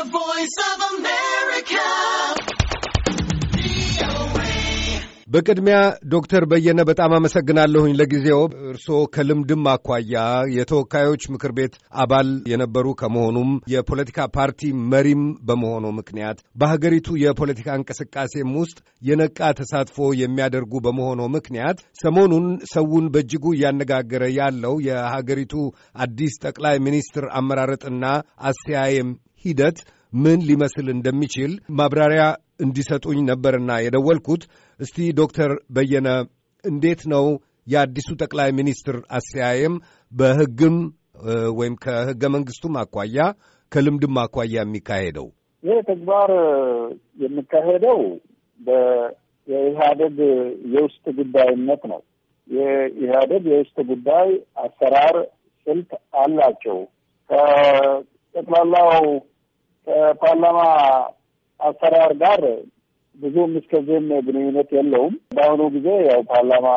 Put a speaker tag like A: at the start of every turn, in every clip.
A: The Voice of America.
B: በቅድሚያ ዶክተር በየነ በጣም አመሰግናለሁኝ። ለጊዜው እርስዎ ከልምድም አኳያ የተወካዮች ምክር ቤት አባል የነበሩ ከመሆኑም የፖለቲካ ፓርቲ መሪም በመሆኑ ምክንያት በሀገሪቱ የፖለቲካ እንቅስቃሴም ውስጥ የነቃ ተሳትፎ የሚያደርጉ በመሆኑ ምክንያት ሰሞኑን ሰውን በእጅጉ እያነጋገረ ያለው የሀገሪቱ አዲስ ጠቅላይ ሚኒስትር አመራረጥና አስተያየም ሂደት ምን ሊመስል እንደሚችል ማብራሪያ እንዲሰጡኝ ነበርና የደወልኩት። እስቲ ዶክተር በየነ እንዴት ነው የአዲሱ ጠቅላይ ሚኒስትር አስተያየም በሕግም ወይም ከሕገ መንግስቱም አኳያ ከልምድም አኳያ የሚካሄደው
C: ይህ ተግባር የሚካሄደው የኢህአደግ የውስጥ ጉዳይነት ነው። የኢህአደግ የውስጥ ጉዳይ አሰራር ስልት አላቸው። ከጠቅላላው ከፓርላማ አሰራር ጋር ብዙም እስከዚህም ግንኙነት የለውም። በአሁኑ ጊዜ ያው ፓርላማ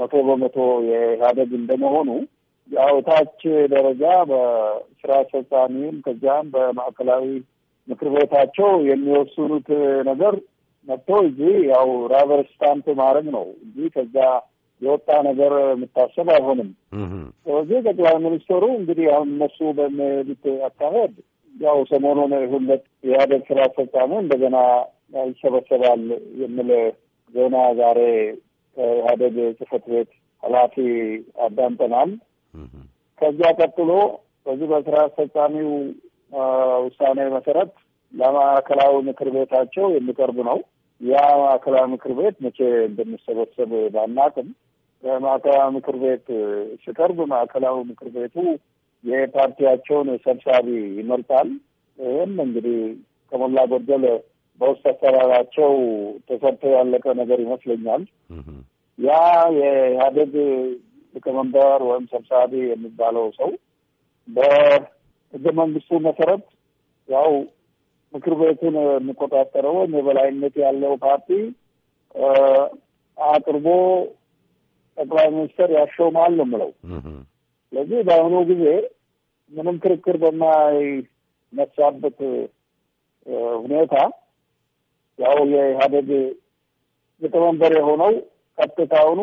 C: መቶ በመቶ የኢህአደግ እንደመሆኑ ያው ታች ደረጃ በስራ አስፈጻሚም ከዚያም በማዕከላዊ ምክር ቤታቸው የሚወስኑት ነገር መጥቶ እዚህ ያው ራበር ስታምፕ ማድረግ ነው እንጂ ከዛ የወጣ ነገር የምታሰብ አይሆንም። ስለዚህ ጠቅላይ ሚኒስትሩ እንግዲህ አሁን እነሱ በሚሄዱት አካሄድ ያው ሰሞኑን ሁለት የኢህአዴግ ስራ አስፈጻሚ እንደገና ይሰበሰባል የሚል ዜና ዛሬ ከኢህአዴግ ጽህፈት ቤት ኃላፊ አዳምጠናል። ከዚያ ቀጥሎ በዚህ በስራ አስፈጻሚው ውሳኔ መሰረት ለማዕከላዊ ምክር ቤታቸው የሚቀርቡ ነው። ያ ማዕከላዊ ምክር ቤት መቼ እንደሚሰበሰብ ባናቅም፣ ማዕከላዊ ምክር ቤት ሲቀርብ ማዕከላዊ ምክር ቤቱ የፓርቲያቸውን ሰብሳቢ ይመርጣል። ይህም እንግዲህ ከሞላ ጎደል በውስጥ አሰራራቸው ተሰርቶ ያለቀ ነገር ይመስለኛል። ያ የኢህአዴግ ሊቀመንበር ወይም ሰብሳቢ የሚባለው ሰው በህገ መንግስቱ መሰረት ያው ምክር ቤቱን የሚቆጣጠረው ወይም የበላይነት ያለው ፓርቲ አቅርቦ ጠቅላይ ሚኒስትር ያሾማል ነው የምለው። ስለዚህ በአሁኑ ጊዜ ምንም ክርክር በማይነሳበት ሁኔታ ያው የኢህአደግ ሊቀመንበር የሆነው ቀጥታውኑ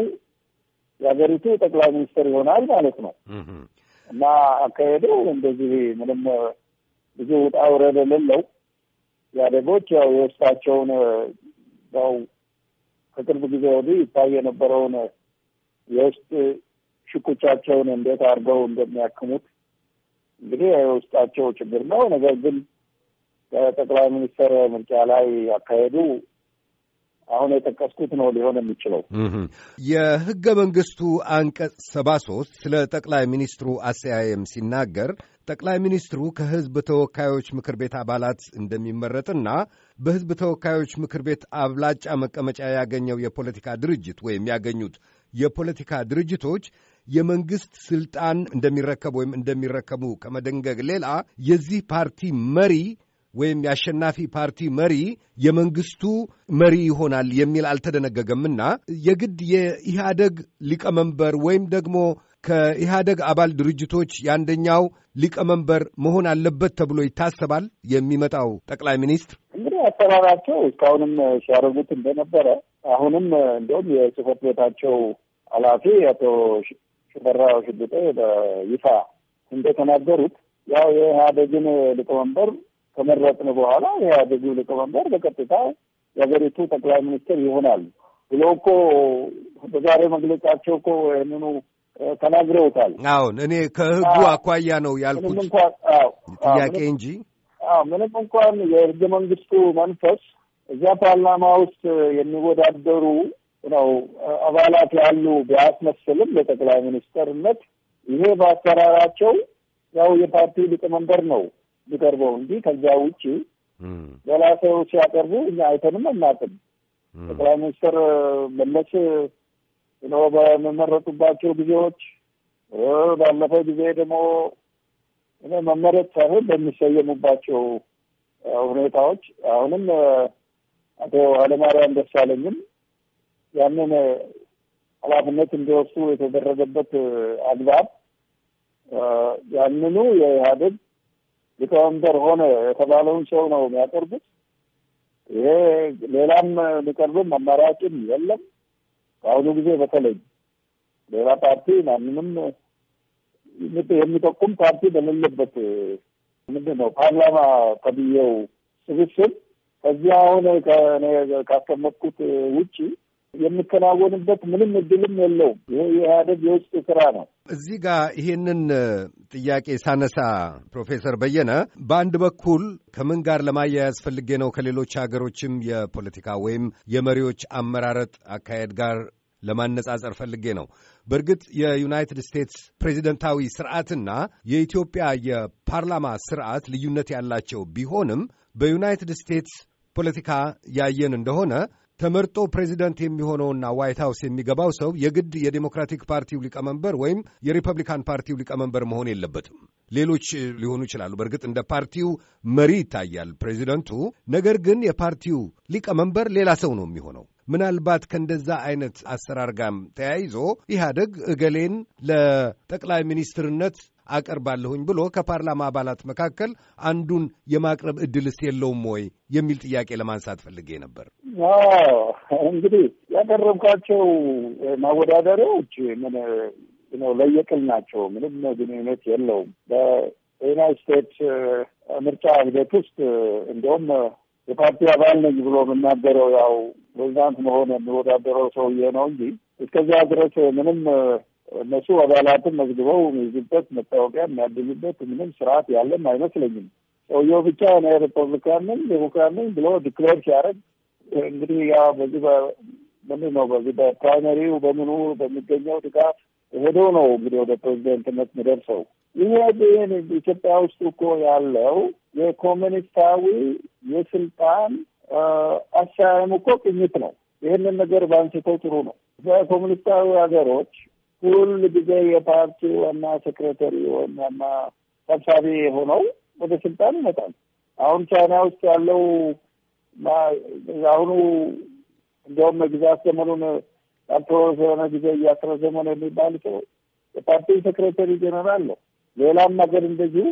C: የሀገሪቱ ጠቅላይ ሚኒስትር ይሆናል ማለት ነው እና አካሄዱ እንደዚህ ምንም ብዙ ውጣ ውረድ የሌለው ኢህአዴጎች ያው የውስጣቸውን ያው ከቅርብ ጊዜ ወዲህ ይታይ የነበረውን የውስጥ ሽኩቻቸውን እንዴት አድርገው እንደሚያክሙት እንግዲህ የውስጣቸው ችግር ነው። ነገር ግን ከጠቅላይ ሚኒስትር ምርጫ ላይ አካሄዱ አሁን የጠቀስኩት ነው ሊሆን የሚችለው።
B: የህገ መንግስቱ አንቀጽ ሰባ ሶስት ስለ ጠቅላይ ሚኒስትሩ አሰያየም ሲናገር ጠቅላይ ሚኒስትሩ ከህዝብ ተወካዮች ምክር ቤት አባላት እንደሚመረጥና በህዝብ ተወካዮች ምክር ቤት አብላጫ መቀመጫ ያገኘው የፖለቲካ ድርጅት ወይም ያገኙት የፖለቲካ ድርጅቶች የመንግስት ስልጣን እንደሚረከብ ወይም እንደሚረከቡ ከመደንገግ ሌላ የዚህ ፓርቲ መሪ ወይም የአሸናፊ ፓርቲ መሪ የመንግስቱ መሪ ይሆናል የሚል አልተደነገገምና የግድ የኢህአደግ ሊቀመንበር ወይም ደግሞ ከኢህአደግ አባል ድርጅቶች የአንደኛው ሊቀመንበር መሆን አለበት ተብሎ ይታሰባል። የሚመጣው ጠቅላይ ሚኒስትር
C: እንግዲህ አሰራራቸው እስካሁንም ሲያደርጉት እንደነበረ አሁንም እንዲሁም የጽህፈት ቤታቸው ኃላፊ አቶ ሽፈራው ሽጉጤ በይፋ እንደተናገሩት ያው የኢህአዴግን ሊቀመንበር ከመረጥን በኋላ የኢህአዴግ ሊቀመንበር በቀጥታ የሀገሪቱ ጠቅላይ ሚኒስትር ይሆናል ብሎ እኮ በዛሬ መግለጫቸው እኮ ይህንኑ ተናግረውታል።
B: አሁን እኔ ከህጉ አኳያ ነው ያልኩት ጥያቄ እንጂ
C: ምንም እንኳን የህገ መንግስቱ መንፈስ እዚያ ፓርላማ ውስጥ የሚወዳደሩ ነው አባላት ያሉ ቢያስመስልም ለጠቅላይ ሚኒስተርነት ይሄ በአሰራራቸው ያው የፓርቲው ሊቀመንበር ነው የሚቀርበው እንጂ ከዚያ ውጭ ሌላ ሰው ሲያቀርቡ እኛ አይተንም አናውቅም። ጠቅላይ ሚኒስትር መለስ ነው በመመረጡባቸው ጊዜዎች፣ ባለፈው ጊዜ ደግሞ መመረጥ ሳይሆን በሚሰየሙባቸው ሁኔታዎች አሁንም አቶ ኃይለማርያም ደሳለኝም ያንን ኃላፊነት እንዲወስዱ የተደረገበት አግባብ ያንኑ የኢህአዴግ ሊቀመንበር ሆነ የተባለውን ሰው ነው የሚያቀርቡት። ይሄ ሌላም ሊቀርብም አማራጭም የለም። በአሁኑ ጊዜ በተለይ ሌላ ፓርቲ ማንንም የሚጠቁም ፓርቲ በሌለበት ምንድን ነው ፓርላማ ከብዬው ስብስብ ከዚያ አሁን ካስቀመጥኩት ውጭ የሚከናወንበት ምንም እድልም የለውም። ይሄ የኢህአደግ የውስጥ ስራ ነው።
B: እዚህ ጋር ይሄንን ጥያቄ ሳነሳ ፕሮፌሰር በየነ በአንድ በኩል ከምን ጋር ለማያያዝ ፈልጌ ነው ከሌሎች ሀገሮችም የፖለቲካ ወይም የመሪዎች አመራረጥ አካሄድ ጋር ለማነጻጸር ፈልጌ ነው። በእርግጥ የዩናይትድ ስቴትስ ፕሬዚደንታዊ ስርዓትና የኢትዮጵያ የፓርላማ ስርዓት ልዩነት ያላቸው ቢሆንም በዩናይትድ ስቴትስ ፖለቲካ ያየን እንደሆነ ተመርጦ ፕሬዚደንት የሚሆነውና ዋይት ሀውስ የሚገባው ሰው የግድ የዴሞክራቲክ ፓርቲው ሊቀመንበር ወይም የሪፐብሊካን ፓርቲው ሊቀመንበር መሆን የለበትም። ሌሎች ሊሆኑ ይችላሉ። በእርግጥ እንደ ፓርቲው መሪ ይታያል ፕሬዚደንቱ። ነገር ግን የፓርቲው ሊቀመንበር ሌላ ሰው ነው የሚሆነው። ምናልባት ከእንደዛ አይነት አሰራር ጋር ተያይዞ ኢህአደግ እገሌን ለጠቅላይ ሚኒስትርነት አቀርባለሁኝ ብሎ ከፓርላማ አባላት መካከል አንዱን የማቅረብ እድልስ የለውም ወይ የሚል ጥያቄ ለማንሳት ፈልጌ ነበር።
C: እንግዲህ ያቀረብኳቸው ማወዳደሪያዎች ምን ነው ለየቅል ናቸው። ምንም ግንኙነት የለውም። በዩናይት ስቴትስ ምርጫ ሂደት ውስጥ እንደውም የፓርቲ አባል ነኝ ብሎ የምናገረው ያው ፕሬዚዳንት መሆን የሚወዳደረው ሰውዬ ነው እንጂ እስከዚያ ድረስ ምንም እነሱ አባላትን መዝግበው የሚይዙበት መታወቂያ የሚያድሉበት ምንም ስርዓት ያለም አይመስለኝም። ሰውየው ብቻ እኔ ሪፐብሊካን ነኝ ዴሞክራት ነኝ ብሎ ዲክሌር ሲያደርግ እንግዲህ ያ በዚህ በምን ነው በዚህ በፕራይመሪው በምኑ በሚገኘው ድጋፍ ሄዶ ነው እንግዲህ ወደ ፕሬዚደንትነት ምደርሰው። ይሄ ኢትዮጵያ ውስጥ እኮ ያለው የኮሚኒስታዊ የስልጣን አሰራርም እኮ ቅኝት ነው። ይህንን ነገር በአንስተው ጥሩ ነው። በኮሚኒስታዊ ሀገሮች ሁል ጊዜ የፓርቲው ዋና ሴክሬታሪ ወይም ዋና ሰብሳቢ ሆነው ወደ ስልጣን ይመጣል። አሁን ቻይና ውስጥ ያለው አሁኑ እንዲያውም መግዛት ዘመኑን ያልተወሰነ የሆነ ጊዜ እያስረ ነው የሚባል ሰው የፓርቲ ሴክሬታሪ ጀነራል ነው። ሌላም ነገር እንደዚሁ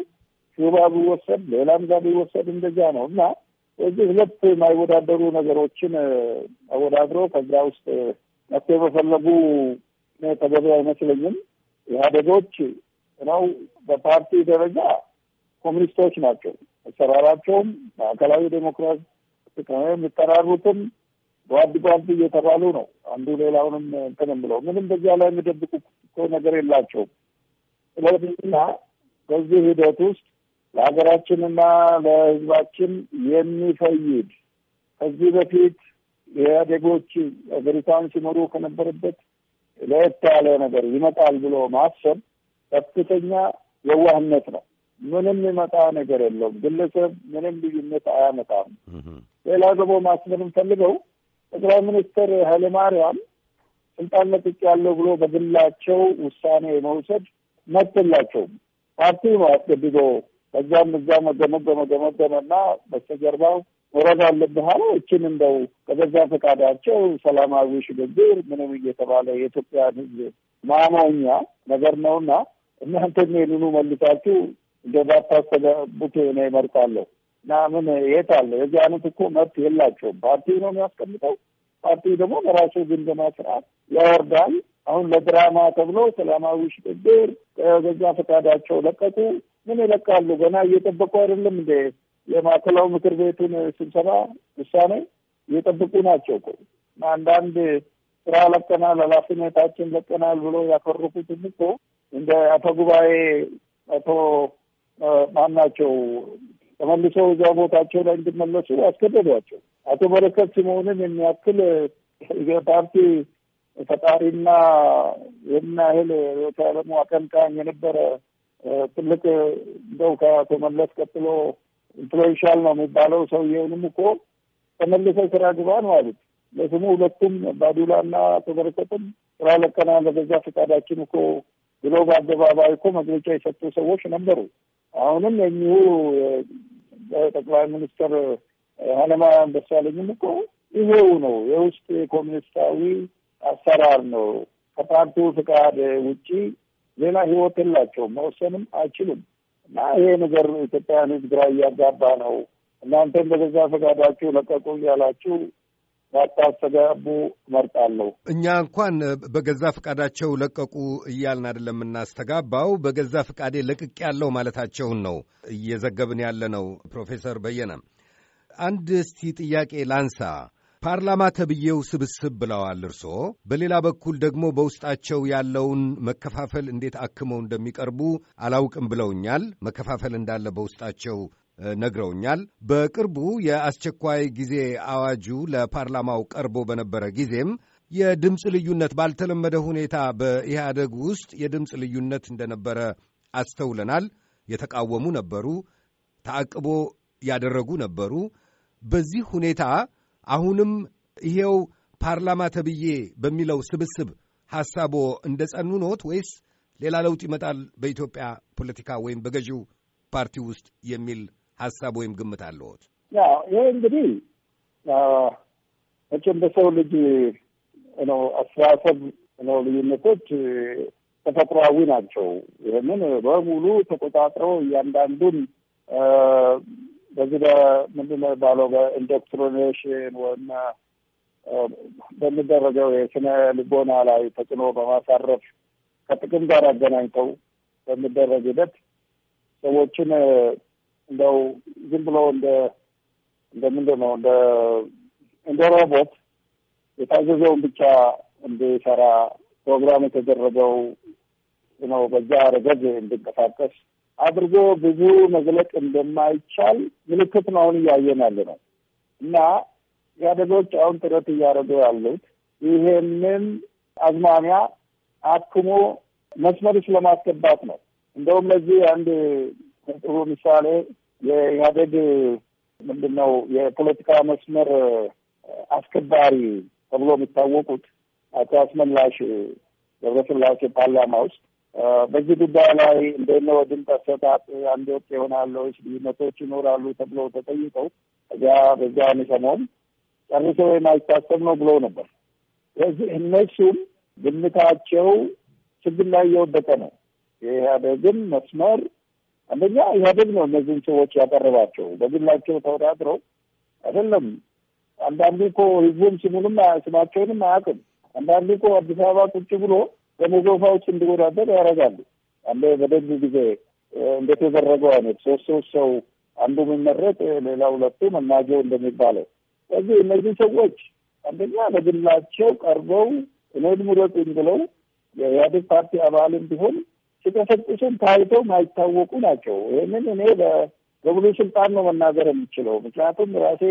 C: ሹባ ቢወሰድ፣ ሌላም ጋር ቢወሰድ እንደዚያ ነው እና እዚህ ሁለት የማይወዳደሩ ነገሮችን አወዳድሮ ከዚያ ውስጥ መፍትሄ በፈለጉ ተገቢ አይመስለኝም። ኢህአዴጎች ነው በፓርቲ ደረጃ ኮሚኒስቶች ናቸው። አሰራራቸውም ማዕከላዊ ዴሞክራሲ ጥቅም የሚጠራሩትም ጓድ ፓርቲ እየተባሉ ነው። አንዱ ሌላውንም እንትንም ብለው ምንም በዚያ ላይ የሚደብቁ እኮ ነገር የላቸውም። ስለዚህና በዚህ ሂደት ውስጥ ለሀገራችንና ለህዝባችን የሚፈይድ ከዚህ በፊት የኢህአዴጎች ሀገሪቷን ሲመሩ ከነበረበት ለየት ያለ ነገር ይመጣል ብሎ ማሰብ ከፍተኛ የዋህነት ነው። ምንም ይመጣ ነገር የለውም። ግለሰብ ምንም ልዩነት አያመጣም። ሌላ ደግሞ ማስመር ፈልገው ጠቅላይ ሚኒስትር ኃይለማርያም ስልጣን ነጥቅ ያለው ብሎ በግላቸው ውሳኔ የመውሰድ መጥላቸውም ፓርቲው ነው አስገድዶ ከዛም እዛ መገመገመ ገመገመና በስተጀርባው ወረዳ በኋላ እችን እንደው ከበዛ ፈቃዳቸው ሰላማዊ ሽግግር ምንም እየተባለ የኢትዮጵያን ሕዝብ ማማኛ ነገር ነውና እናንተ ይህንኑ መልሳችሁ እንደ ባታስተጋቡት መርት አለው። እና ምን የት አለ? የዚህ አይነት እኮ መብት የላቸውም። ፓርቲ ነው የሚያስቀምጠው። ፓርቲ ደግሞ በራሱ ግምገማ ስርዓት ያወርዳል። አሁን ለድራማ ተብሎ ሰላማዊ ሽግግር በገዛ ፈቃዳቸው ለቀቁ። ምን ይለቃሉ? ገና እየጠበቁ አይደለም እንደ የማዕከላዊ ምክር ቤቱን ስብሰባ ውሳኔ እየጠበቁ ናቸው አንዳንድ ስራ ለቀናል፣ ኃላፊነታችን ለቀናል ብሎ ያፈረፉትም እኮ እንደ አቶ ጉባኤ አቶ ማን ናቸው ተመልሰው እዛ ቦታቸው ላይ እንዲመለሱ አስገደዷቸው። አቶ በረከት ስምኦንን የሚያክል የፓርቲ ፈጣሪና ይህን ያህል አቀንቃኝ የነበረ ትልቅ እንደው ከአቶ መለስ ቀጥሎ ኢንፍሉዌንሻል ነው የሚባለው ሰውዬውንም እኮ ተመልሰ ስራ ግባ ነው አሉት። ለስሙ ሁለቱም ባዱላና ተበረከትም ስራ ለቀና ለገዛ ፈቃዳችን እኮ ብሎ በአደባባይ እኮ መግለጫ የሰጡ ሰዎች ነበሩ። አሁንም የእኚሁ ጠቅላይ ሚኒስትር ኃይለማርያም ደሳለኝም እኮ ይሄው ነው የውስጥ የኮሚኒስታዊ አሰራር ነው። ከፓርቲው ፍቃድ ውጪ ሌላ ህይወት የላቸውም። መወሰንም አይችሉም። እና ይሄ ነገር ኢትዮጵያን ሕዝብ ግራ እያጋባ ነው። እናንተም በገዛ ፈቃዳችሁ ለቀቁ እያላችሁ ባታስተጋቡ መርጣለሁ።
B: እኛ እንኳን በገዛ ፈቃዳቸው ለቀቁ እያልን አይደለም የምናስተጋባው፣ በገዛ ፈቃዴ ለቅቅ ያለው ማለታቸውን ነው እየዘገብን ያለ ነው። ፕሮፌሰር በየነ አንድ እስቲ ጥያቄ ላንሳ። ፓርላማ ተብዬው ስብስብ ብለዋል እርሶ በሌላ በኩል ደግሞ በውስጣቸው ያለውን መከፋፈል እንዴት አክመው እንደሚቀርቡ አላውቅም ብለውኛል። መከፋፈል እንዳለ በውስጣቸው ነግረውኛል። በቅርቡ የአስቸኳይ ጊዜ አዋጁ ለፓርላማው ቀርቦ በነበረ ጊዜም የድምፅ ልዩነት ባልተለመደ ሁኔታ በኢህአደግ ውስጥ የድምፅ ልዩነት እንደነበረ አስተውለናል። የተቃወሙ ነበሩ፣ ተአቅቦ ያደረጉ ነበሩ። በዚህ ሁኔታ አሁንም ይሄው ፓርላማ ተብዬ በሚለው ስብስብ ሐሳቦ እንደ ጸኑ ኖት ወይስ ሌላ ለውጥ ይመጣል በኢትዮጵያ ፖለቲካ ወይም በገዢው ፓርቲ ውስጥ የሚል ሐሳብ ወይም ግምት አለዎት?
C: ይሄ እንግዲህ መቼም በሰው ልጅ ነው አስተሳሰብ ነው ልዩነቶች ተፈጥሯዊ ናቸው። ይህንን በሙሉ ተቆጣጥረው እያንዳንዱን በዚህ በምንድን ባለው በኢንዶክትሪኔሽን ወይም በሚደረገው የስነ ልቦና ላይ ተጽዕኖ በማሳረፍ ከጥቅም ጋር አገናኝተው በሚደረግ ሂደት ሰዎችን እንደው ዝም ብሎ እንደ እንደምንድን ነው እንደ እንደ ሮቦት የታዘዘውን ብቻ እንዲሰራ ፕሮግራም የተደረገው ነው። በዛ ረገድ እንዲንቀሳቀስ አድርጎ ብዙ መግለጥ እንደማይቻል ምልክት ነው አሁን እያየን ያለ ነው እና ኢህአዴጎች አሁን ጥረት እያደረጉ ያሉት ይሄንን አዝማሚያ አክሞ መስመር ለማስገባት ነው። እንደውም ለዚህ አንድ ጥሩ ምሳሌ የኢህአዴግ ምንድን ነው የፖለቲካ መስመር አስከባሪ ተብሎ የሚታወቁት አቶ አስመላሽ ገብረስላሴ ፓርላማ ውስጥ በዚህ ጉዳይ ላይ እንደነ ወድም ድምፅ አንድ ወጥ ይሆናል ልዩነቶች ይኖራሉ ተብሎ ተጠይቀው እዚያ በዚያ ሰሞን ጨርሶ የማይታሰብ ነው ብሎ ነበር። ስለዚህ እነሱም ግምታቸው ችግር ላይ እየወደቀ ነው። የኢህአዴግን መስመር አንደኛ ኢህአዴግ ነው እነዚህን ሰዎች ያቀረባቸው በግላቸው ተወዳድረው አይደለም። አንዳንዱ እኮ ህዝቡም ስሙንም ስማቸውንም አያውቅም። አንዳንዱ እኮ አዲስ አበባ ቁጭ ብሎ በመጎፋዎች እንዲወዳደር ያደርጋሉ። አለ በደንብ ጊዜ እንደተዘረገው አይነት ሶስት ሶስት ሰው አንዱ የሚመረጥ ሌላ ሁለቱ መናጀው እንደሚባለው። ስለዚህ እነዚህ ሰዎች አንደኛ ለግላቸው ቀርበው እኔን ምረጡኝ ብለው የኢህአዴግ ፓርቲ አባልም ቢሆን ሲቀሰቅሱን ታይተው ማይታወቁ ናቸው። ይህንን እኔ በሙሉ ስልጣን ነው መናገር የምችለው። ምክንያቱም ራሴ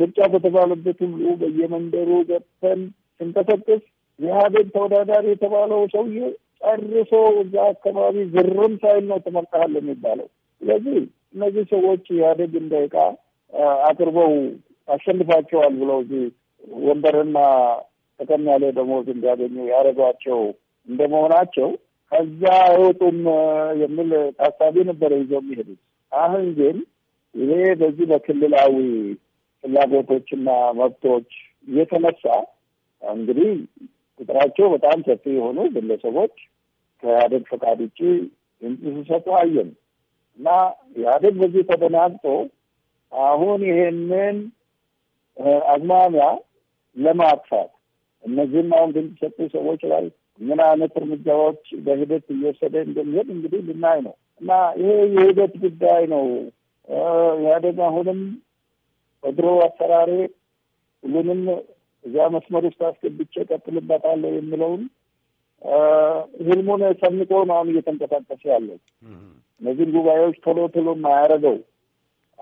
C: ምርጫ በተባለበት ሁሉ በየመንደሩ ገብተን ስንቀሰቅስ የሀገር ተወዳዳሪ የተባለው ሰውዬ ጨርሶ እዛ አካባቢ ዝርም ሳይል ነው የሚባለው። ስለዚህ እነዚህ ሰዎች ኢህአዴግ እንደ ዕቃ አቅርበው አሸንፋቸዋል ብለው እዚህ ወንበርና ጠቀም ያለ ደሞዝ እንዲያገኙ ያደረጓቸው እንደመሆናቸው ከዛ አይወጡም የሚል ታሳቢ ነበረ ይዘው የሚሄዱት። አሁን ግን ይሄ በዚህ በክልላዊ ፍላጎቶችና መብቶች እየተነሳ እንግዲህ ቁጥራቸው በጣም ሰፊ የሆኑ ግለሰቦች ከኢህአዴግ ፈቃድ ውጭ ድምፅ ሲሰጡ አየን እና ኢህአዴግ በዚህ ተደናግጦ አሁን ይሄንን አዝማሚያ ለማጥፋት እነዚህም አሁን ድምፅ ሰጡ ሰዎች ላይ ምን አይነት እርምጃዎች በሂደት እየወሰደ እንደሚሄድ እንግዲህ ልናይ ነው እና ይሄ የሂደት ጉዳይ ነው። ኢህአዴግ አሁንም በድሮ አሰራሬ ሁሉንም እዚያ መስመር ውስጥ አስገብቼ ቀጥልበታለሁ የሚለውን ህልሙን ሰንቆ ነው አሁን እየተንቀሳቀሰ ያለው። እነዚህን ጉባኤዎች ቶሎ ቶሎ የማያደርገው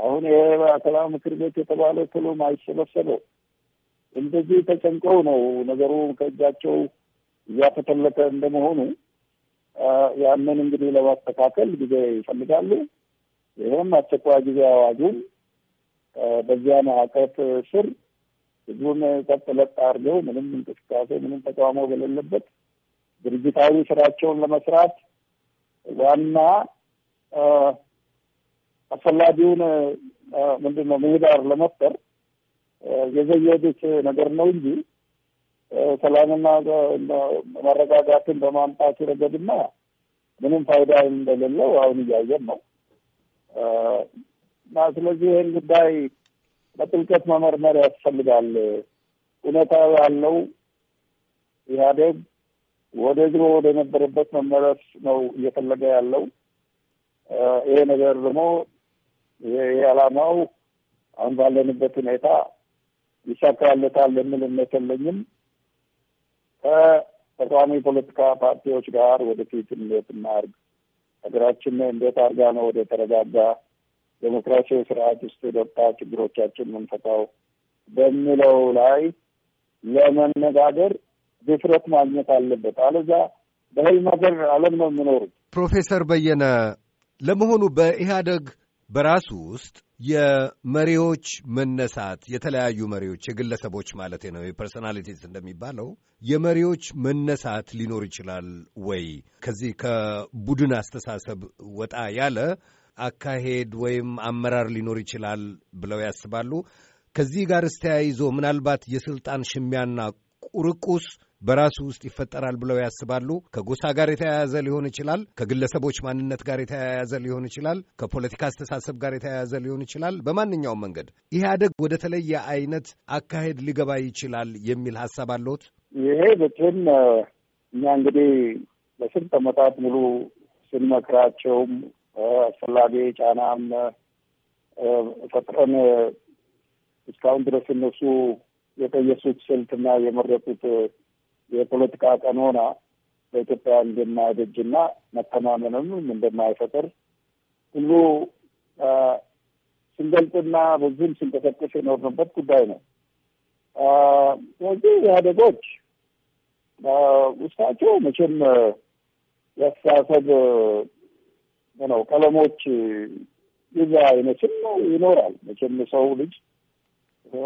C: አሁን ይሄ ማዕከላዊ ምክር ቤት የተባለው ቶሎ ማይሰበሰበው እንደዚህ ተጨንቀው ነው ነገሩ ከእጃቸው እያተተለቀ እንደመሆኑ ያንን እንግዲህ ለማስተካከል ጊዜ ይፈልጋሉ። ይህም አስቸኳይ ጊዜ አዋጁን በዚያ ማዕቀፍ ስር ህዝቡን ጸጥ አድርገው ምንም እንቅስቃሴ ምንም ተቃውሞ በሌለበት ድርጅታዊ ስራቸውን ለመስራት ዋና አስፈላጊውን ምንድን ነው ምህዳር ለመፍጠር የዘየዱት ነገር ነው እንጂ ሰላምና መረጋጋትን በማምጣት ረገድና ምንም ፋይዳ እንደሌለው አሁን እያየን ነው እና ስለዚህ ይህን ጉዳይ በጥልቀት መመርመር ያስፈልጋል። እውነታ ያለው ኢህአዴግ ወደ ድሮ ወደ ነበረበት መመለስ ነው እየፈለገ ያለው። ይሄ ነገር ደግሞ ይህ ዓላማው አሁን ባለንበት ሁኔታ ይሳካለታል የሚል እምነት የለኝም። ከተቃዋሚ ፖለቲካ ፓርቲዎች ጋር ወደፊት እንዴት እናርግ፣ ሀገራችን እንዴት አርጋ ነው ወደ ተረጋጋ ዴሞክራሲያዊ ስርዓት ውስጥ የገባ ችግሮቻችን የምንፈታው በሚለው ላይ ለመነጋገር ድፍረት ማግኘት አለበት። አለዛ በህልም ሀገር አለም ነው የምኖሩት።
B: ፕሮፌሰር በየነ ለመሆኑ በኢህአደግ በራሱ ውስጥ የመሪዎች መነሳት የተለያዩ መሪዎች የግለሰቦች ማለት ነው የፐርሶናሊቲስ እንደሚባለው የመሪዎች መነሳት ሊኖር ይችላል ወይ? ከዚህ ከቡድን አስተሳሰብ ወጣ ያለ አካሄድ ወይም አመራር ሊኖር ይችላል ብለው ያስባሉ? ከዚህ ጋር እስተያይዞ ምናልባት የስልጣን ሽሚያና ቁርቁስ በራሱ ውስጥ ይፈጠራል ብለው ያስባሉ? ከጎሳ ጋር የተያያዘ ሊሆን ይችላል፣ ከግለሰቦች ማንነት ጋር የተያያዘ ሊሆን ይችላል፣ ከፖለቲካ አስተሳሰብ ጋር የተያያዘ ሊሆን ይችላል። በማንኛውም መንገድ ኢህአደግ ወደ ተለየ አይነት አካሄድ ሊገባ ይችላል የሚል ሀሳብ አለሁት።
C: ይሄ ብትም እኛ እንግዲህ ለስልት ዓመታት ሙሉ ስንመክራቸውም አስፈላጊ ጫናም ፈጥረን እስካሁን ድረስ እነሱ የቀየሱት ስልትና የመረጡት የፖለቲካ ቀኖና በኢትዮጵያ እንደማያደጅና መተማመንም እንደማይፈጥር ሁሉ ስንገልጥና በዚህም ስንቀሰቅስ የኖርንበት ጉዳይ ነው። ስለዚህ ኢህአዴጎች ውስጣቸው መቼም ያስተሳሰብ ነው። ቀለሞች ይዛ አይነትም ይኖራል መቼም ሰው ልጅ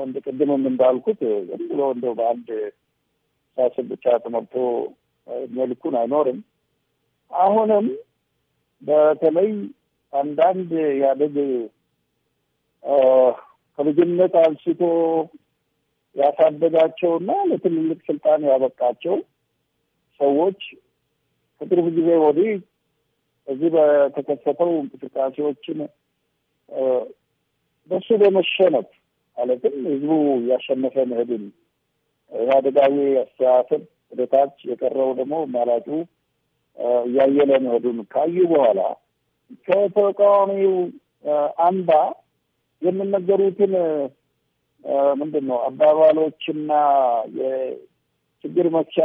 C: እንደ ቅድምም እንዳልኩት ዝም ብሎ እንደ በአንድ ሳስብ ብቻ ተመርቶ መልኩን አይኖርም። አሁንም በተለይ አንዳንድ ያደግ ከልጅነት አንስቶ ያሳደጋቸው ያሳደጋቸውና ለትልልቅ ስልጣን ያበቃቸው ሰዎች ከቅርብ ጊዜ ወዲህ እዚህ በተከሰተው እንቅስቃሴዎችን በሱ በመሸነፍ ማለትም ህዝቡ ያሸነፈ መሄድን ኢህአዴጋዊ አስተሳሰብ ወደ ታች የቀረው ደግሞ ማላጩ እያየለ መሄዱን ካዩ በኋላ ከተቃዋሚው አንባ የሚነገሩትን ምንድን ነው አባባሎችና የችግር መፍቻ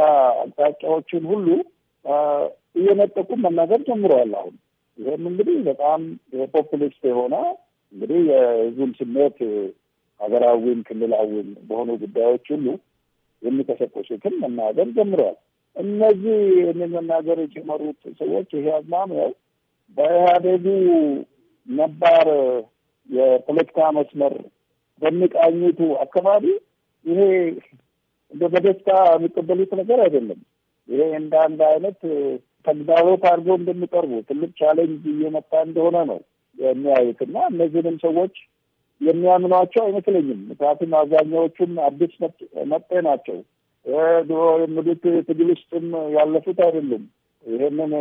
C: አቅጣጫዎችን ሁሉ እየነጠቁ መናገር ጀምረዋል። አሁን ይህም እንግዲህ በጣም ፖፑሊስት የሆነ እንግዲህ የህዝቡን ስሜት ሀገራዊም ክልላዊም በሆኑ ጉዳዮች ሁሉ የሚተሰቆሱትን መናገር ጀምረዋል። እነዚህ ይህንን መናገር የጀመሩት ሰዎች ይሄ አዝማሚያው በኢህአዴጉ ነባር የፖለቲካ መስመር በሚቃኙቱ አካባቢ ይሄ እንደ በደስታ የሚቀበሉት ነገር አይደለም። ይሄ እንደ አንድ አይነት ተግዳሮት አድርጎ እንደሚቀርቡ ትልቅ ቻሌንጅ እየመጣ እንደሆነ ነው የሚያዩት እና እነዚህንም ሰዎች የሚያምኗቸው አይመስለኝም። ምክንያቱም አብዛኛዎቹም አዲስ መጤ ናቸው። ድሮ የሚሉት ትግል ውስጥም ያለፉት አይደሉም። ይህንን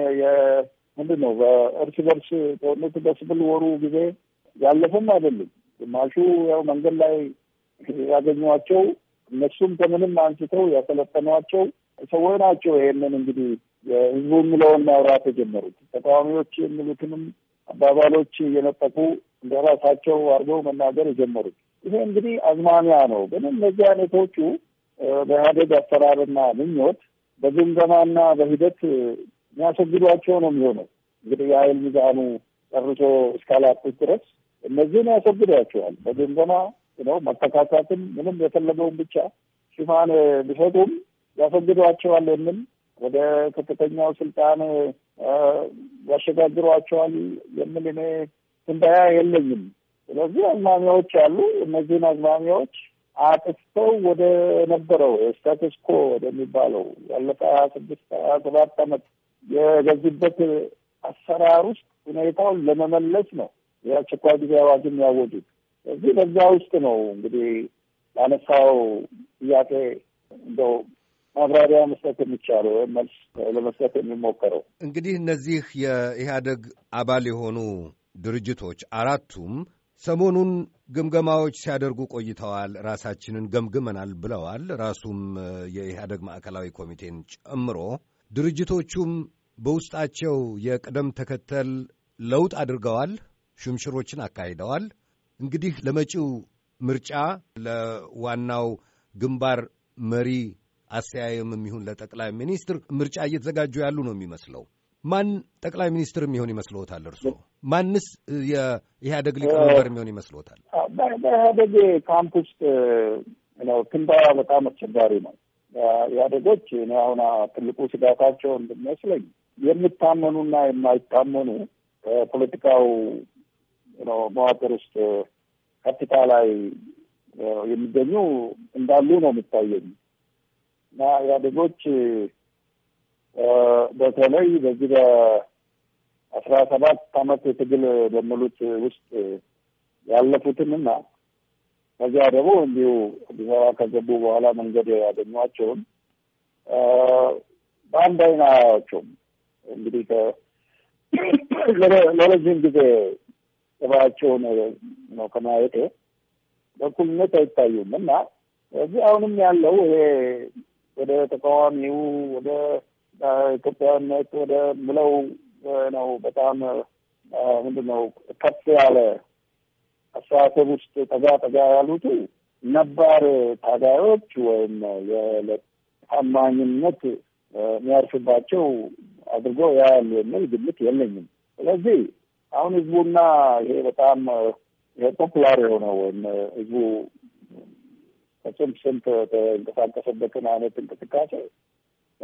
C: ምንድን ነው በእርስ በርስ ጦርነት በስብል ወሩ ጊዜ ያለፉም አይደሉም። ግማሹ ያው መንገድ ላይ ያገኟቸው እነሱም ከምንም አንስተው ያሰለጠኗቸው ሰዎች ናቸው። ይህንን እንግዲህ ህዝቡ የሚለውን ማውራት የጀመሩት ተቃዋሚዎች የሚሉትንም አባባሎች እየነጠቁ እንደራሳቸው አድርገው መናገር የጀመሩት ይሄ እንግዲህ አዝማሚያ ነው። ግን እነዚህ አይነቶቹ በኢህአዴግ አሰራርና ምኞት በግምገማና በሂደት የሚያስወግዷቸው ነው የሚሆነው። እንግዲህ የሀይል ሚዛኑ ጨርሶ እስካላጡት ድረስ እነዚህን ያስወግዷቸዋል። በግምገማ ነው መተካካትን ምንም የፈለገውን ብቻ ሽፋን ቢሰጡም ያስወግዷቸዋል የሚል ወደ ከፍተኛው ስልጣን ያሸጋግሯቸዋል የሚል እኔ ትንበያ የለኝም። ስለዚህ አዝማሚያዎች አሉ። እነዚህን አዝማሚያዎች አጥፍተው ወደ ነበረው ስታትስኮ ወደሚባለው ያለፈ ሀያ ስድስት ሀያ ሰባት አመት የገዙበት አሰራር ውስጥ ሁኔታውን ለመመለስ ነው የአስቸኳይ ጊዜ አዋጅም ያወጁት። ስለዚህ በዛ ውስጥ ነው እንግዲህ ላነሳው ጥያቄ እንደው ማብራሪያ መስጠት የሚቻለው ወይም መልስ ለመስጠት የሚሞከረው
B: እንግዲህ እነዚህ የኢህአደግ አባል የሆኑ ድርጅቶች አራቱም ሰሞኑን ግምገማዎች ሲያደርጉ ቆይተዋል። ራሳችንን ገምግመናል ብለዋል። ራሱም የኢህአደግ ማዕከላዊ ኮሚቴን ጨምሮ ድርጅቶቹም በውስጣቸው የቅደም ተከተል ለውጥ አድርገዋል። ሹምሽሮችን አካሂደዋል። እንግዲህ ለመጪው ምርጫ ለዋናው ግንባር መሪ አስተያየምም ይሁን ለጠቅላይ ሚኒስትር ምርጫ እየተዘጋጁ ያሉ ነው የሚመስለው። ማን ጠቅላይ ሚኒስትር የሚሆን ይመስልዎታል? እርስዎ ማንስ የኢህአደግ ሊቀመንበር የሚሆን ይመስልዎታል?
C: በኢህአደግ ካምፕ ውስጥ ነው ትንበያ በጣም አስቸጋሪ ነው። ኢህአደጎች እኔ አሁን ትልቁ ስጋታቸው እንደሚመስለኝ የሚታመኑና የማይታመኑ ከፖለቲካው መዋቅር ውስጥ ከፍታ ላይ የሚገኙ እንዳሉ ነው የሚታየኝ። እና ኢህአዴጎች በተለይ በዚህ በአስራ ሰባት አመት ትግል በሚሉት ውስጥ ያለፉትን እና ከዚያ ደግሞ እንዲሁ አዲስ አበባ ከገቡ በኋላ መንገድ ያገኟቸውን በአንድ አይን አያቸውም። እንግዲህ ለረዥም ጊዜ ጥባቸውን ነው ከማየት በኩልነት አይታዩም እና እዚህ አሁንም ያለው ይሄ ወደ ተቃዋሚው ወደ ኢትዮጵያዊነት ወደ ምለው ነው በጣም ምንድን ነው ከፍ ያለ አስተሳሰብ ውስጥ ጠጋ ጠጋ ያሉት ነባር ታጋዮች ወይም ታማኝነት የሚያርፍባቸው አድርገው ያሉ የሚል ግምት የለኝም። ስለዚህ አሁን ህዝቡና ይሄ በጣም ፖፑላር የሆነው ወይም ህዝቡ መቼም ስንት ተንቀሳቀሰበትን አይነት እንቅስቃሴ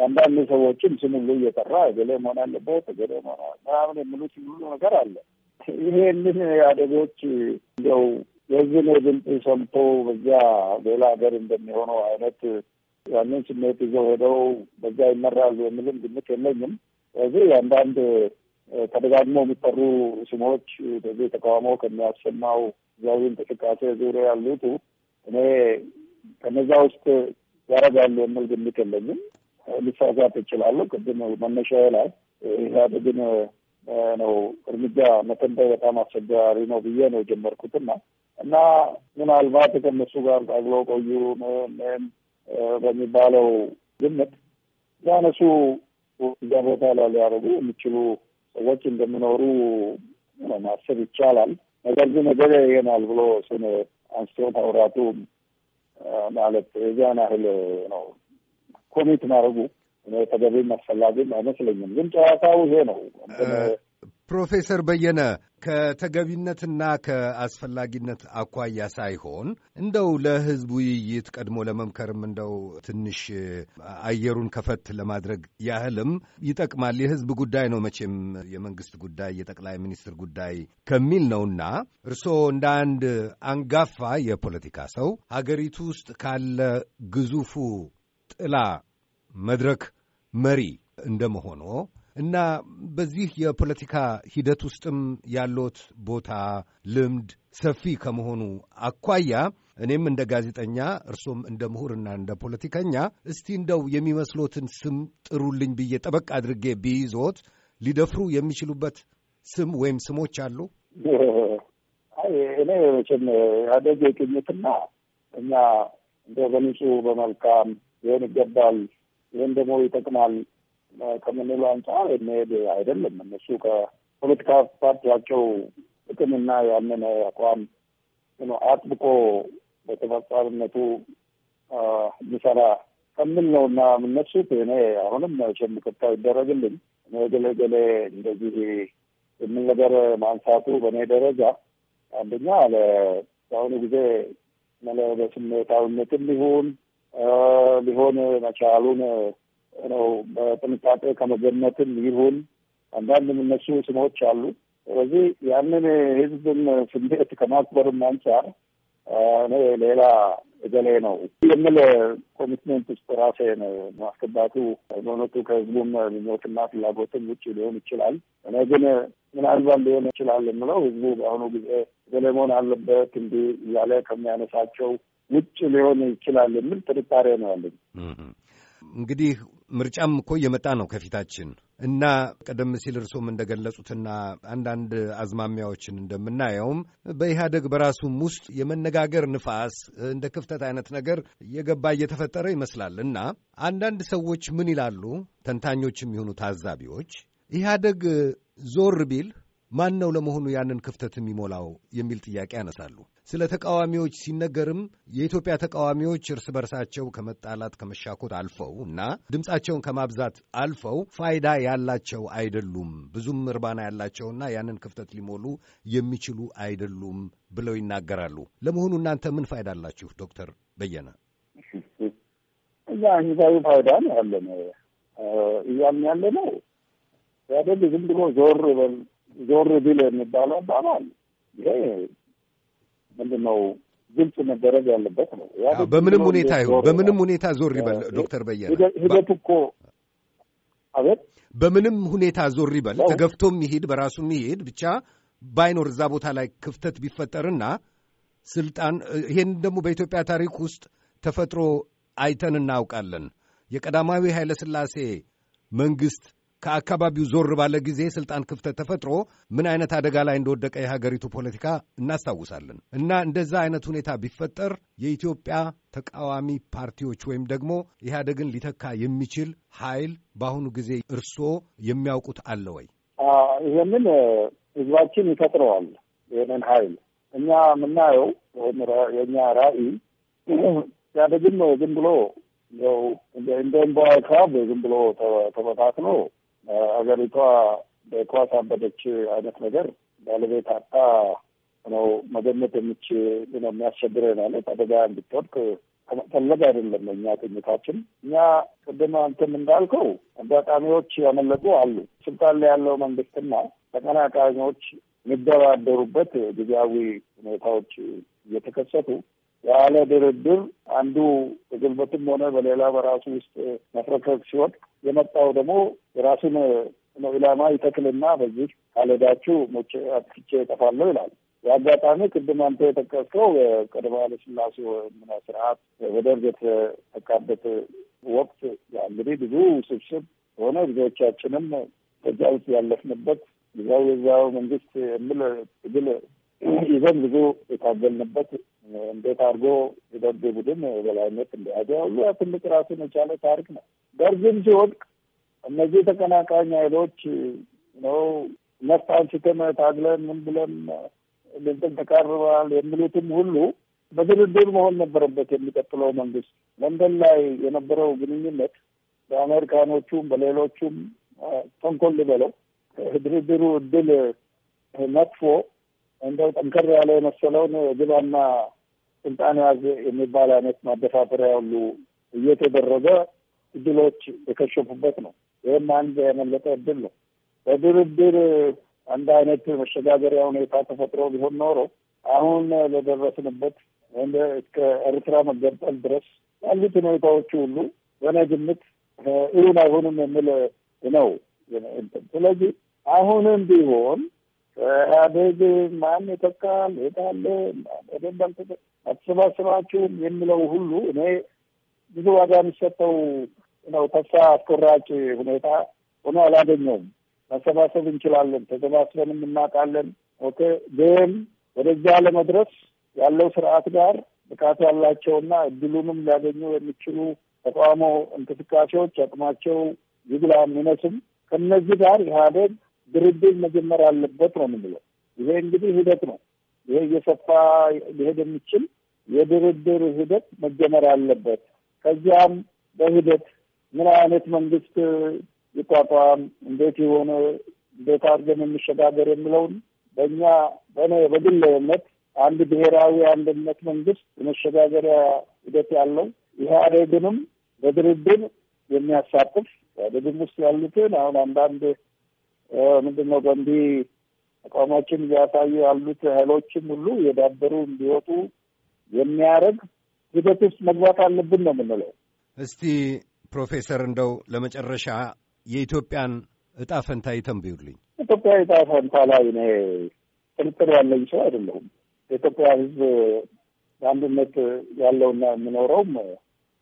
C: አንዳንድ ሰዎችም ስም ሁሉ እየጠራ እገሌ መሆን አለበት እገሌ መሆን ምናምን የሚሉት ሁሉ ነገር አለ። ይሄንን አደጎች እንደው የህዝብን የድምፅ ሰምቶ በዚያ ሌላ ሀገር እንደሚሆነው አይነት ያንን ስሜት ይዘው ሄደው በዚያ ይመራሉ የሚልም ግምት የለኝም። ስለዚህ አንዳንድ ተደጋግሞ የሚጠሩ ስሞች በዚህ ተቃውሞ ከሚያሰማው ዚያዊ እንቅስቃሴ ዙሪያ ያሉቱ እኔ ከነዛ ውስጥ ያደርጋሉ የሚል ግምት የለኝም። ልሳሳት ይችላሉ። ቅድም መነሻ ላይ ኢህአዴግን ነው እርምጃ መተንበይ በጣም አስቸጋሪ ነው ብዬ ነው የጀመርኩትና እና ምናልባት ከነሱ ጋር ታግለው ቆዩ በሚባለው ግምት ያነሱ እዛ ቦታ ላይ ሊያደርጉ የሚችሉ ሰዎች እንደሚኖሩ ማሰብ ይቻላል። ነገር ግን ነገ ይሄናል ብሎ እሱን አንስቶ ማውራቱ ማለት የዚያን ያህል ነው ኮሚት ማድረጉ ተገቢም አስፈላጊም አይመስለኝም። ግን ጨዋታው ይሄ ነው።
B: ፕሮፌሰር በየነ ከተገቢነትና ከአስፈላጊነት አኳያ ሳይሆን እንደው ለሕዝብ ውይይት ቀድሞ ለመምከርም እንደው ትንሽ አየሩን ከፈት ለማድረግ ያህልም ይጠቅማል። የሕዝብ ጉዳይ ነው መቼም የመንግስት ጉዳይ የጠቅላይ ሚኒስትር ጉዳይ ከሚል ነውና እርስዎ እንደ አንድ አንጋፋ የፖለቲካ ሰው ሀገሪቱ ውስጥ ካለ ግዙፉ ጥላ መድረክ መሪ እንደመሆኖ እና በዚህ የፖለቲካ ሂደት ውስጥም ያሎት ቦታ ልምድ ሰፊ ከመሆኑ አኳያ እኔም እንደ ጋዜጠኛ እርሶም እንደ ምሁርና እንደ ፖለቲከኛ እስቲ እንደው የሚመስሎትን ስም ጥሩልኝ ብዬ ጠበቅ አድርጌ ቢይዞት ሊደፍሩ የሚችሉበት ስም ወይም ስሞች አሉ?
C: እኔ መቼም ያደግ የቅኝትና እኛ እንደ በንጹህ በመልካም ይህን ይገባል፣ ይህን ደግሞ ይጠቅማል ከምንለው አንጻር የሚሄድ አይደለም። እነሱ ከፖለቲካ ፓርቲያቸው ጥቅምና ያንን አቋም አጥብቆ በተፈጻሚነቱ ሊሰራ ከምን ነው እና የምነሱት እኔ አሁንም ሸምቅታ ይደረግልኝ እኔ ገሌ ገሌ እንደዚህ የምን ነገር ማንሳቱ በእኔ ደረጃ አንደኛ ለአሁኑ ጊዜ መለበስሜታዊነትም ሊሆን ሊሆን መቻሉን ነው በጥንቃቄ ከመገመትም ይሁን አንዳንድ የምነሱ ስሞች አሉ። ስለዚህ ያንን ህዝብን ስሜት ከማክበርም አንጻር እኔ ሌላ እገሌ ነው የሚል ኮሚትመንት ውስጥ ራሴ ማስገባቱ በእውነቱ ከህዝቡም ምኞትና ፍላጎትም ውጭ ሊሆን ይችላል። እኔ ግን ምናልባት ሊሆን ይችላል የምለው ህዝቡ በአሁኑ ጊዜ እገሌ መሆን አለበት እንዲህ እያለ ከሚያነሳቸው ውጭ ሊሆን ይችላል የምል ጥርጣሬ ነው ያለኝ።
B: እንግዲህ ምርጫም እኮ እየመጣ ነው ከፊታችን እና ቀደም ሲል እርሶም እንደገለጹትና አንዳንድ አዝማሚያዎችን እንደምናየውም በኢህአደግ በራሱም ውስጥ የመነጋገር ንፋስ እንደ ክፍተት አይነት ነገር እየገባ እየተፈጠረ ይመስላል እና አንዳንድ ሰዎች ምን ይላሉ፣ ተንታኞችም የሆኑ ታዛቢዎች ኢህአደግ ዞር ቢል ማን ነው ለመሆኑ ያንን ክፍተት የሚሞላው የሚል ጥያቄ ያነሳሉ። ስለ ተቃዋሚዎች ሲነገርም የኢትዮጵያ ተቃዋሚዎች እርስ በርሳቸው ከመጣላት ከመሻኮት አልፈው እና ድምፃቸውን ከማብዛት አልፈው ፋይዳ ያላቸው አይደሉም፣ ብዙም እርባና ያላቸውና ያንን ክፍተት ሊሞሉ የሚችሉ አይደሉም ብለው ይናገራሉ። ለመሆኑ እናንተ ምን ፋይዳ አላችሁ? ዶክተር በየነ
C: እዛ ፋይዳ ነው ነው እያልን ያለ ነው ያደግ ዝም ብሎ ዞር ዞር ቢል የሚባለው አባባል ይሄ ምንድን ነው ግልጽ መደረግ ያለበት ነው። በምንም ሁኔታ ይሁን በምንም
B: ሁኔታ ዞር ይበል ዶክተር በየነ ሂደት እኮ አቤት፣ በምንም ሁኔታ ዞር ይበል ተገፍቶም ይሄድ በራሱም ይሄድ ብቻ ባይኖር እዛ ቦታ ላይ ክፍተት ቢፈጠርና ስልጣን ይሄን ደግሞ በኢትዮጵያ ታሪክ ውስጥ ተፈጥሮ አይተን እናውቃለን። የቀዳማዊ ኃይለ ሥላሴ መንግሥት ከአካባቢው ዞር ባለ ጊዜ ስልጣን ክፍተት ተፈጥሮ ምን አይነት አደጋ ላይ እንደወደቀ የሀገሪቱ ፖለቲካ እናስታውሳለን። እና እንደዛ አይነት ሁኔታ ቢፈጠር የኢትዮጵያ ተቃዋሚ ፓርቲዎች ወይም ደግሞ ኢህአደግን ሊተካ የሚችል ኃይል በአሁኑ ጊዜ እርስዎ የሚያውቁት አለ ወይ?
C: ይህንን ህዝባችን ይፈጥረዋል። ይህንን ኃይል እኛ የምናየው ወይም የእኛ ራዕይ ኢህአደግን ዝም ብሎ እንደ እምቧይ ካብ ዝም ብሎ ተበታትኖ አገሪቷ በኳስ አበደች አይነት ነገር ባለቤት አጣ ነው መገመት የምች ነው የሚያስቸግረ ማለት አደጋ እንድትወድቅ ከመፈለግ አይደለም። እኛ ቅኝታችን እኛ ቅድም አንተም እንዳልከው አጋጣሚዎች ያመለጡ አሉ። ስልጣን ላይ ያለው መንግስትና ተቀናቃኞች የሚደራደሩበት ጊዜያዊ ሁኔታዎች እየተከሰቱ ያለ ድርድር አንዱ በጉልበትም ሆነ በሌላ በራሱ ውስጥ መፍረክረክ ሲወድቅ የመጣው ደግሞ የራሱን ነው ኢላማ ይተክልና በዚህ ካልሄዳችሁ ሞቼ አጥፍቼ እጠፋለሁ ይላል። የአጋጣሚ ቅድም አንተ የጠቀስከው የቀድሞ ኃይለሥላሴ ምና ስርዓት በደርግ የተጠቃበት ወቅት እንግዲህ ብዙ ስብስብ ሆነ ብዙዎቻችንም በዛ ውስጥ ያለፍንበት ጊዜያዊ የዛው መንግስት የሚል ትግል ይዘን ብዙ የታገልንበት እንዴት አድርጎ የደርግ ቡድን የበላይነት እንደያዘ ሁሉ ትልቅ ራሱን የቻለ ታሪክ ነው። ደርግም ሲወድቅ እነዚህ ተቀናቃኝ ኃይሎች ነው ነፍጥ አንስተን ታግለን ምን ብለን ልንጥል ተቃርበዋል የሚሉትም ሁሉ በድርድር መሆን ነበረበት። የሚቀጥለው መንግስት ለንደን ላይ የነበረው ግንኙነት በአሜሪካኖቹም በሌሎቹም ተንኮል በለው ድርድሩ እድል መጥፎ እንደው ጠንከር ያለ የመሰለውን ግባና ስልጣን ያዝ የሚባል አይነት ማደፋፈሪያ ሁሉ እየተደረገ እድሎች የከሸፉበት ነው። ይህም አንድ የመለጠ እድል ነው። በድርድር አንድ አይነት መሸጋገሪያ ሁኔታ ተፈጥሮ ቢሆን ኖሮ አሁን ለደረስንበት እስከ ኤርትራ መገንጠል ድረስ ያሉት ሁኔታዎቹ ሁሉ በእኔ ግምት እውን አይሆንም የሚል ነው። ስለዚህ አሁንም ቢሆን ኢህአዴግ ማን ይተካል የታለ ደንበል አተሰባሰባችሁም የሚለው ሁሉ እኔ ብዙ ዋጋ የሚሰጠው ነው። ተስፋ አስቆራጭ ሁኔታ ሆኖ አላገኘውም። መሰባሰብ እንችላለን፣ ተሰባስበንም እናውቃለን። ኦኬ ግን ወደዚያ ለመድረስ ያለው ስርዓት ጋር ብቃት ያላቸውና እድሉንም ሊያገኙ የሚችሉ ተቃውሞ እንቅስቃሴዎች አቅማቸው ይግላ የሚነስም ከነዚህ ጋር ኢህአዴግ ድርድር መጀመር አለበት ነው የምንለው። ይሄ እንግዲህ ሂደት ነው። ይሄ እየሰፋ ሊሄድ የሚችል የድርድር ሂደት መጀመር አለበት። ከዚያም በሂደት ምን አይነት መንግስት ይቋቋም፣ እንዴት የሆነ እንዴት አድርገን የሚሸጋገር የሚለውን በእኛ በእኔ በግል እምነት አንድ ብሔራዊ አንድነት መንግስት የመሸጋገሪያ ሂደት ያለው ኢህአዴግንም በድርድር የሚያሳትፍ ኢህአዴግም ውስጥ ያሉትን አሁን አንዳንድ ምንድን ነው ተቋማችን እያሳዩ ያሉት ኃይሎችም ሁሉ የዳበሩ እንዲወጡ የሚያደርግ ሂደት ውስጥ መግባት አለብን ነው የምንለው።
B: እስቲ ፕሮፌሰር እንደው ለመጨረሻ የኢትዮጵያን እጣ ፈንታ ይተንብዩልኝ።
C: ኢትዮጵያ እጣ ፈንታ ላይ እኔ ጥርጥር ያለኝ ሰው አይደለሁም። የኢትዮጵያ ሕዝብ በአንድነት ያለውና የምኖረውም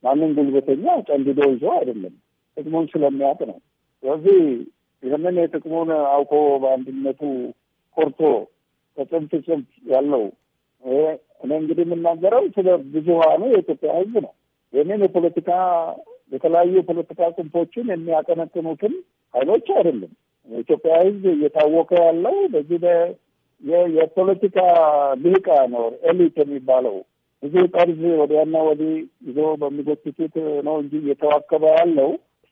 C: ማንም ጉልበተኛ ጨንድዶ ይዞ አይደለም፣ ጥቅሙን ስለሚያውቅ ነው። ስለዚህ ይህንን የጥቅሙን አውቆ በአንድነቱ ኮርቶ ከጥንት ያለው እኔ እንግዲህ የምናገረው ስለ ብዙሀኑ የኢትዮጵያ ህዝብ ነው። ይህንን የፖለቲካ የተለያዩ የፖለቲካ ጽንፎችን የሚያቀነቅኑትን ኃይሎች አይደለም። የኢትዮጵያ ህዝብ እየታወቀ ያለው በዚህ የፖለቲካ ልሂቃን ነው ኤሊት የሚባለው ብዙ ጠርዝ ወዲያና ወዲህ ይዞ በሚጎትቱት ነው እንጂ እየተዋከበ ያለው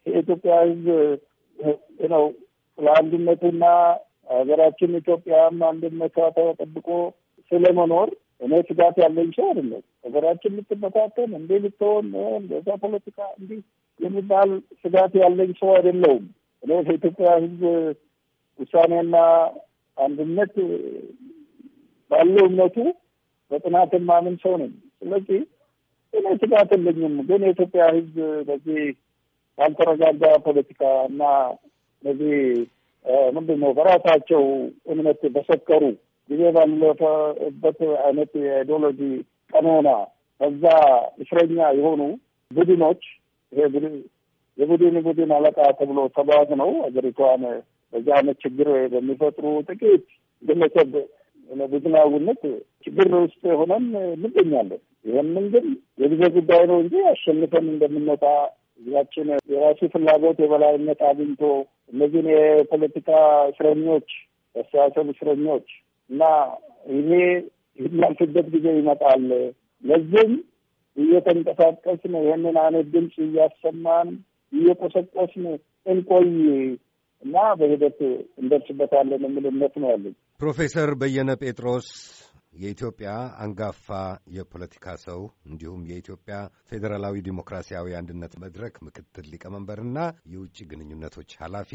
C: የኢትዮጵያ ህዝብ ነው ለአንድነቱና አንድነቱና ሀገራችን ኢትዮጵያም አንድነቷ ተጠብቆ ስለመኖር እኔ ስጋት ያለኝ ሰው አይደለም። ሀገራችን ልትመታተን እንዴ ልትሆን እንደዛ ፖለቲካ እንዲህ የሚባል ስጋት ያለኝ ሰው አይደለውም። እኔ ከኢትዮጵያ ሕዝብ ውሳኔና አንድነት ባለው እምነቱ በጥናት የማምን ሰው ነኝ። ስለዚህ እኔ ስጋት የለኝም። ግን የኢትዮጵያ ሕዝብ በዚህ ባልተረጋጋ ፖለቲካ እና በዚህ ምንድን ነው በራሳቸው እምነት በሰከሩ ጊዜ ባለፈበት አይነት የአይዲዮሎጂ ቀኖና በዛ እስረኛ የሆኑ ቡድኖች ይሄ ቡድን የቡድን ቡድን አለቃ ተብሎ ተባዝ ነው ሀገሪቷን በዚህ አይነት ችግር በሚፈጥሩ ጥቂት ግለሰብ ቡድናዊነት ችግር ውስጥ ሆነን እንገኛለን። ይህንን ግን የጊዜ ጉዳይ ነው እንጂ አሸንፈን እንደምንወጣ እዚያችን የራሱ ፍላጎት የበላይነት አግኝቶ እነዚህን የፖለቲካ እስረኞች ያስተሳሰብ እስረኞች እና ይሄ የሚያልፍበት ጊዜ ይመጣል። ለዚህም እየተንቀሳቀስን ይህንን አይነት ድምፅ እያሰማን እየቆሰቆስን እንቆይ እና በሂደት እንደርስበታለን የሚል እምነት ነው ያለኝ።
B: ፕሮፌሰር በየነ ጴጥሮስ የኢትዮጵያ አንጋፋ የፖለቲካ ሰው እንዲሁም የኢትዮጵያ ፌዴራላዊ ዲሞክራሲያዊ አንድነት መድረክ ምክትል ሊቀመንበርና የውጭ ግንኙነቶች ኃላፊ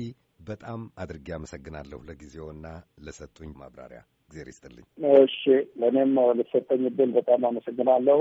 B: በጣም አድርጌ አመሰግናለሁ ለጊዜውና ለሰጡኝ ማብራሪያ። እግዜር ይስጥልኝ።
C: እሺ፣ ለእኔም ለተሰጠኝ በጣም አመሰግናለሁ።